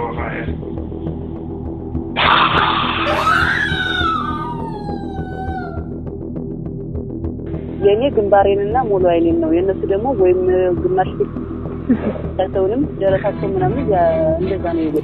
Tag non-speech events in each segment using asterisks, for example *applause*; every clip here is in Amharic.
የኔ *laughs* የእኔ ግንባሬንና ሙሉ አይኔን ነው። የእነሱ ደግሞ ወይም ግማሽ ሰውንም ደረሳቸው ምናምን እንደዛ ነው የጎ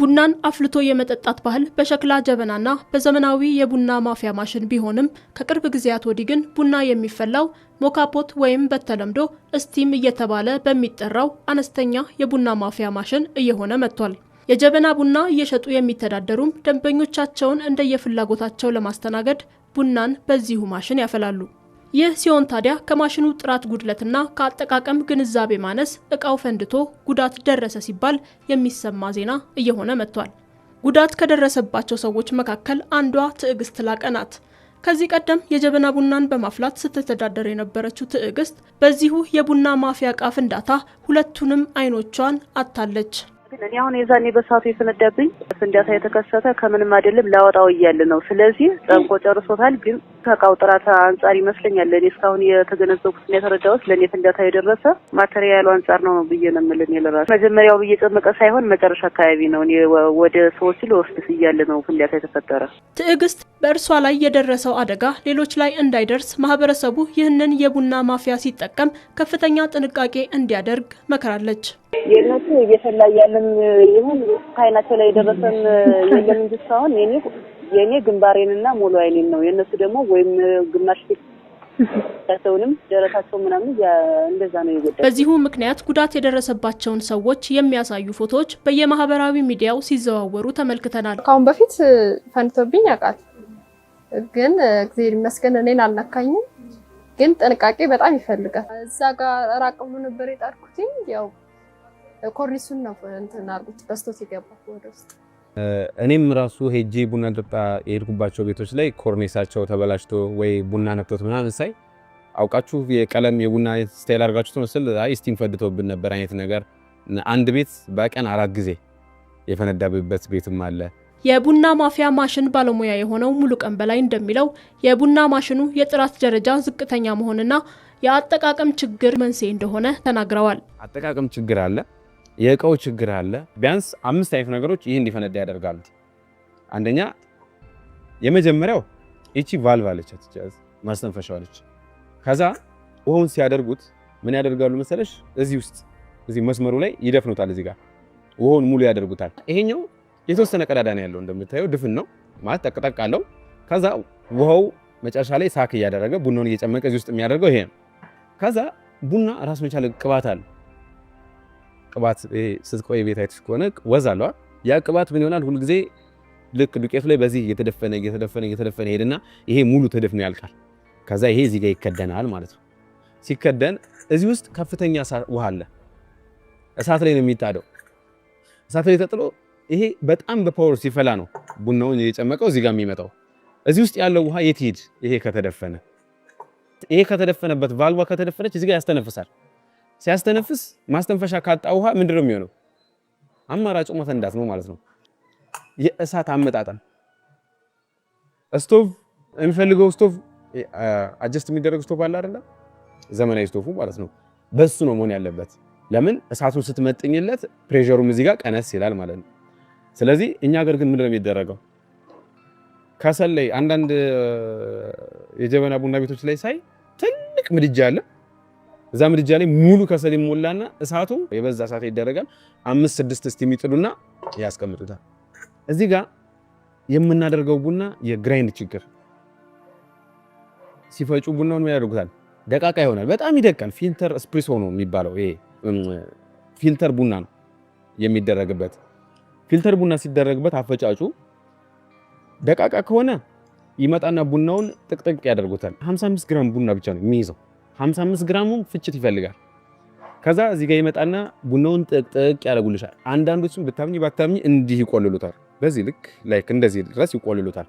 ቡናን አፍልቶ የመጠጣት ባህል በሸክላ ጀበናና በዘመናዊ የቡና ማፍያ ማሽን ቢሆንም ከቅርብ ጊዜያት ወዲህ ግን ቡና የሚፈላው ሞካፖት ወይም በተለምዶ እስቲም እየተባለ በሚጠራው አነስተኛ የቡና ማፍያ ማሽን እየሆነ መጥቷል። የጀበና ቡና እየሸጡ የሚተዳደሩም ደንበኞቻቸውን እንደየፍላጎታቸው ለማስተናገድ ቡናን በዚሁ ማሽን ያፈላሉ። ይህ ሲሆን ታዲያ ከማሽኑ ጥራት ጉድለትና ከአጠቃቀም ግንዛቤ ማነስ እቃው ፈንድቶ ጉዳት ደረሰ ሲባል የሚሰማ ዜና እየሆነ መጥቷል። ጉዳት ከደረሰባቸው ሰዎች መካከል አንዷ ትዕግስት ላቀ ናት። ከዚህ ቀደም የጀበና ቡናን በማፍላት ስትተዳደር የነበረችው ትዕግስት በዚሁ የቡና ማፍያ እቃ ፍንዳታ ሁለቱንም አይኖቿን አታለች። እኔ አሁን የዛኔ በሳቱ የፈነዳብኝ ፍንዳታ የተከሰተ ከምንም አይደለም ላወጣው እያለ ነው። ስለዚህ ጠንቆ ጨርሶታል ግን ከእቃው ጥራት አንጻር ይመስለኛል ለእኔ እስካሁን የተገነዘቡት የተገነዘብኩትና የተረዳሁት ለእኔ ፍንዳታ የደረሰ ማቴሪያሉ አንጻር ነው ነው ብዬ ነምልን የለራሱ መጀመሪያው ብዬ ጨመቀ ሳይሆን መጨረሻ አካባቢ ነው እኔ ወደ ሰዎች ልወስድ እያለ ነው ፍንዳታ የተፈጠረ። ትዕግስት በእርሷ ላይ የደረሰው አደጋ ሌሎች ላይ እንዳይደርስ ማህበረሰቡ ይህንን የቡና ማፍያ ሲጠቀም ከፍተኛ ጥንቃቄ እንዲያደርግ መከራለች። የእነሱ እየፈላ ያለም ይሁን ከአይናቸው ላይ የደረሰን የለም እንጂ እስካሁን የእኔ ግንባሬንና ሙሉ አይኔን ነው። የእነሱ ደግሞ ወይም ግማሽ ፊት ሰውንም ደረሳቸው ምናምን እንደዛ ነው የጎዳ። በዚሁ ምክንያት ጉዳት የደረሰባቸውን ሰዎች የሚያሳዩ ፎቶዎች በየማህበራዊ ሚዲያው ሲዘዋወሩ ተመልክተናል። ከአሁን በፊት ፈንቶብኝ ያውቃል፣ ግን እግዚአብሔር ይመስገን እኔን አልነካኝም። ግን ጥንቃቄ በጣም ይፈልጋል። እዛ ጋር ራቅ ብሎ ነበር የጣርኩትኝ። ያው ኮርኒሱን ነው እንትን አድርጎት በስቶት የገባ ወደ ውስጥ እኔም ራሱ ሄጄ ቡና ጠጣ የሄድኩባቸው ቤቶች ላይ ኮርኔሳቸው ተበላሽቶ ወይ ቡና ነክቶት ምናምን ሳይ አውቃችሁ የቀለም የቡና ስታይል አድርጋችሁ መስል ስቲም ፈድቶብን ነበር አይነት ነገር። አንድ ቤት በቀን አራት ጊዜ የፈነዳብበት ቤትም አለ። የቡና ማፍያ ማሽን ባለሙያ የሆነው ሙሉ ቀን በላይ እንደሚለው የቡና ማሽኑ የጥራት ደረጃ ዝቅተኛ መሆንና የአጠቃቀም ችግር መንስኤ እንደሆነ ተናግረዋል። አጠቃቀም ችግር አለ የእቃው ችግር አለ። ቢያንስ አምስት አይነት ነገሮች ይህ እንዲፈነዳ ያደርጋሉ። አንደኛ የመጀመሪያው ይቺ ቫልቭ አለች፣ ማስተንፈሻው አለች። ከዛ ውሃውን ሲያደርጉት ምን ያደርጋሉ መሰለሽ? እዚህ ውስጥ እዚህ መስመሩ ላይ ይደፍኑታል። እዚህ ጋር ውሃውን ሙሉ ያደርጉታል። ይሄኛው የተወሰነ ቀዳዳ ነው ያለው እንደምታየው፣ ድፍን ነው ማለት ጠቅጠቅ አለው። ከዛ ውሃው መጨረሻ ላይ ሳክ እያደረገ ቡናውን እየጨመቀ እዚህ ውስጥ የሚያደርገው ይሄ ነው። ከዛ ቡና ራስ መቻል ቅባት አለ ቅባት ስትቆይ ቤታችሁ ከሆነ ወዝ አለዋል። ያ ቅባት ምን ይሆናል? ሁልጊዜ ልክ ዱቄቱ ላይ በዚህ እየተደፈነ እየተደፈነ እየተደፈነ ሄድና ይሄ ሙሉ ተደፍኖ ያልቃል። ከዛ ይሄ እዚህ ጋር ይከደናል ማለት ነው። ሲከደን እዚህ ውስጥ ከፍተኛ ውሃ አለ። እሳት ላይ ነው የሚጣደው። እሳት ላይ ተጥሎ ይሄ በጣም በፓወር ሲፈላ ነው ቡናውን የጨመቀው እዚህ ጋር የሚመጣው። እዚህ ውስጥ ያለው ውሃ የት ሄድ ይሄ ከተደፈነ ይሄ ከተደፈነበት ቫልቫ ከተደፈነች እዚህ ጋር ያስተነፍሳል። ሲያስተነፍስ ማስተንፈሻ ካጣ ውሃ ምንድን ነው የሚሆነው? አማራጭ መፈንዳት ነው ማለት ነው። የእሳት አመጣጠን ስቶቭ የሚፈልገው ስቶቭ አጀስት የሚደረግ ስቶቭ አለ አይደለ? ዘመናዊ ስቶቭ ማለት ነው። በሱ ነው መሆን ያለበት። ለምን እሳቱን ስትመጥኝለት ፕሬሸሩም እዚህ ጋር ቀነስ ይላል ማለት ነው። ስለዚህ እኛ ሀገር ግን ምንድነው የሚደረገው? ከሰል ላይ አንዳንድ የጀበና ቡና ቤቶች ላይ ሳይ ትልቅ ምድጃ አለ እዛ ምድጃ ላይ ሙሉ ከሰል ይሞላና እሳቱ የበዛ እሳት ይደረጋል። አምስት ስድስት እስቲ የሚጥሉና ያስቀምጡታል። እዚህ ጋር የምናደርገው ቡና የግራይንድ ችግር ሲፈጩ ቡናውን ያደርጉታል? ደቃቃ ይሆናል። በጣም ይደቃል። ፊልተር ስፕሪሶ ነው የሚባለው። ፊልተር ቡና ነው የሚደረግበት። ፊልተር ቡና ሲደረግበት አፈጫጩ ደቃቃ ከሆነ ይመጣና ቡናውን ጥቅጥቅ ያደርጉታል። 55 ግራም ቡና ብቻ ነው የሚይዘው 55 ግራሙም ፍጭት ይፈልጋል። ከዛ እዚህ ጋር ይመጣና ቡናውን ጥቅጥቅ ያደርጉልሻል። አንዳንዶቹም ብታምኚ ባታምኚ እንዲህ ይቆልሉታል። በዚህ ልክ ላይክ እንደዚህ ድረስ ይቆልሉታል።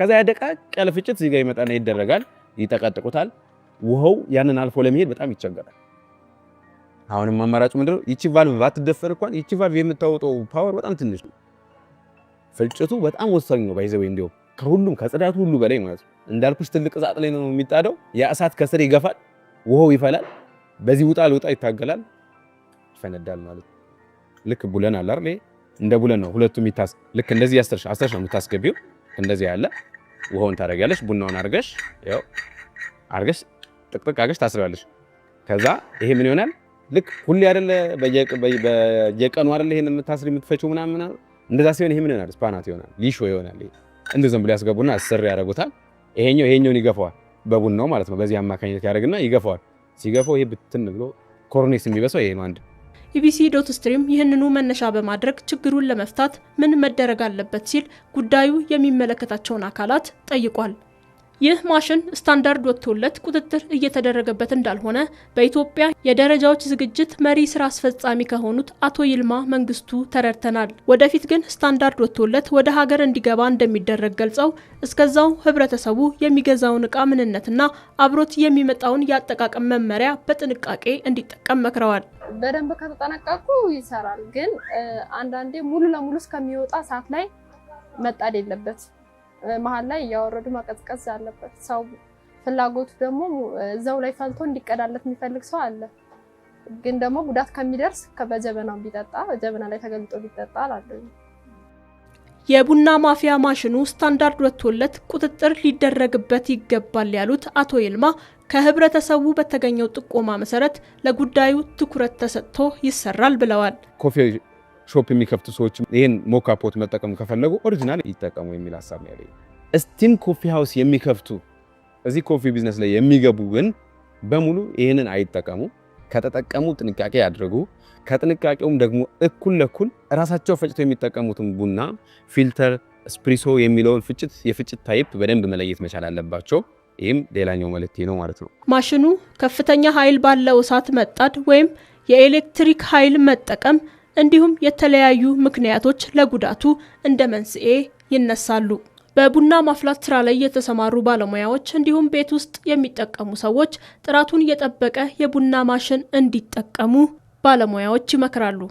ከዛ ያደቃቅ ያለ ፍጭት እዚህ ጋር ይመጣና ይደረጋል። ይጠቀጥቁታል። ውሃው ያንን አልፎ ለመሄድ በጣም ይቸገራል። አሁንም አማራጩ ምንድነው? ይቺ ቫልቭ ባትደፈር እንኳን ይቺ ቫልቭ የምታወጣው ፓወር በጣም ትንሽ ነው። ፍልጭቱ በጣም ወሳኝ ነው። ባይዘው እንዲያው ከሁሉም ከጽዳቱ ሁሉ በላይ ማለት ነው። እንዳልኩሽ ትልቅ እሳት ላይ ነው የሚጣደው። ያ እሳት ከስር ይገፋል። ውሃው ይፈላል። በዚህ ውጣ ልውጣ ይታገላል፣ ይፈነዳል ማለት ነው። ልክ ቡለን አለ አይደል? እንደ ቡለን ነው ሁለቱም ይታስ ልክ እንደዚህ ያስተርሽ አስተርሽ ነው የምታስገቢው። እንደዚህ ያለ ውሃውን ታደርጊያለሽ፣ ቡናውን አድርገሽ ያው አድርገሽ ጥቅጥቅ አድርገሽ ታስሪያለሽ። ከዛ ይሄ ምን ይሆናል? ልክ ሁሌ አይደለ በየቀኑ አይደለ ይሄን የምታስሪ የምትፈጪው ምናምን እንደዛ ሲሆን ይሄ ምን ይሆናል? ስፓናት ይሆናል፣ ሊሾ ይሆናል። እንደ ዝም ብሎ ያስገቡና አስር ያደርጉታል። ይሄኛው ይሄኛውን ይገፋዋል በቡናው ማለት ነው። በዚህ አማካኝነት ያደርግና ይገፋዋል። ሲገፋው ይሄ ብትን ብሎ ኮርኔስ የሚበሳው ይሄ ነው። አንድ ኢቢሲ ዶት ስትሪም ይህንኑ መነሻ በማድረግ ችግሩን ለመፍታት ምን መደረግ አለበት ሲል ጉዳዩ የሚመለከታቸውን አካላት ጠይቋል። ይህ ማሽን ስታንዳርድ ወጥቶለት ቁጥጥር እየተደረገበት እንዳልሆነ በኢትዮጵያ የደረጃዎች ዝግጅት መሪ ስራ አስፈጻሚ ከሆኑት አቶ ይልማ መንግስቱ ተረድተናል። ወደፊት ግን ስታንዳርድ ወጥቶለት ወደ ሀገር እንዲገባ እንደሚደረግ ገልጸው እስከዛው ህብረተሰቡ የሚገዛውን እቃ ምንነትና አብሮት የሚመጣውን የአጠቃቀም መመሪያ በጥንቃቄ እንዲጠቀም መክረዋል። በደንብ ከተጠነቀቁ ይሰራል። ግን አንዳንዴ ሙሉ ለሙሉ እስከሚወጣ ሰዓት ላይ መጣድ የለበት መሀል ላይ እያወረዱ ማቀዝቀዝ አለበት። ሰው ፍላጎቱ ደግሞ እዛው ላይ ፈልቶ እንዲቀዳለት የሚፈልግ ሰው አለ። ግን ደግሞ ጉዳት ከሚደርስ በጀበናው ቢጠጣ ጀበና ላይ ተገልጦ ቢጠጣ አላለኝ። የቡና ማፍያ ማሽኑ ስታንዳርድ ወጥቶለት ቁጥጥር ሊደረግበት ይገባል ያሉት አቶ ይልማ ከህብረተሰቡ በተገኘው ጥቆማ መሰረት ለጉዳዩ ትኩረት ተሰጥቶ ይሰራል ብለዋል። ሾፕ የሚከፍቱ ሰዎች ይህን ሞካፖት መጠቀም ከፈለጉ ኦሪጂናል ይጠቀሙ የሚል ሀሳብ ያለ ስቲም ኮፊ ሃውስ የሚከፍቱ እዚህ ኮፊ ቢዝነስ ላይ የሚገቡ ግን በሙሉ ይህንን አይጠቀሙ። ከተጠቀሙ ጥንቃቄ ያድርጉ። ከጥንቃቄውም ደግሞ እኩል ለኩል ራሳቸው ፈጭተው የሚጠቀሙትን ቡና ፊልተር፣ ስፕሪሶ የሚለውን ፍጭት የፍጭት ታይፕ በደንብ መለየት መቻል አለባቸው። ይህም ሌላኛው መልእክቴ ነው ማለት ነው። ማሽኑ ከፍተኛ ኃይል ባለው እሳት መጣድ ወይም የኤሌክትሪክ ኃይል መጠቀም እንዲሁም የተለያዩ ምክንያቶች ለጉዳቱ እንደ መንስኤ ይነሳሉ። በቡና ማፍላት ስራ ላይ የተሰማሩ ባለሙያዎች እንዲሁም ቤት ውስጥ የሚጠቀሙ ሰዎች ጥራቱን የጠበቀ የቡና ማሽን እንዲጠቀሙ ባለሙያዎች ይመክራሉ።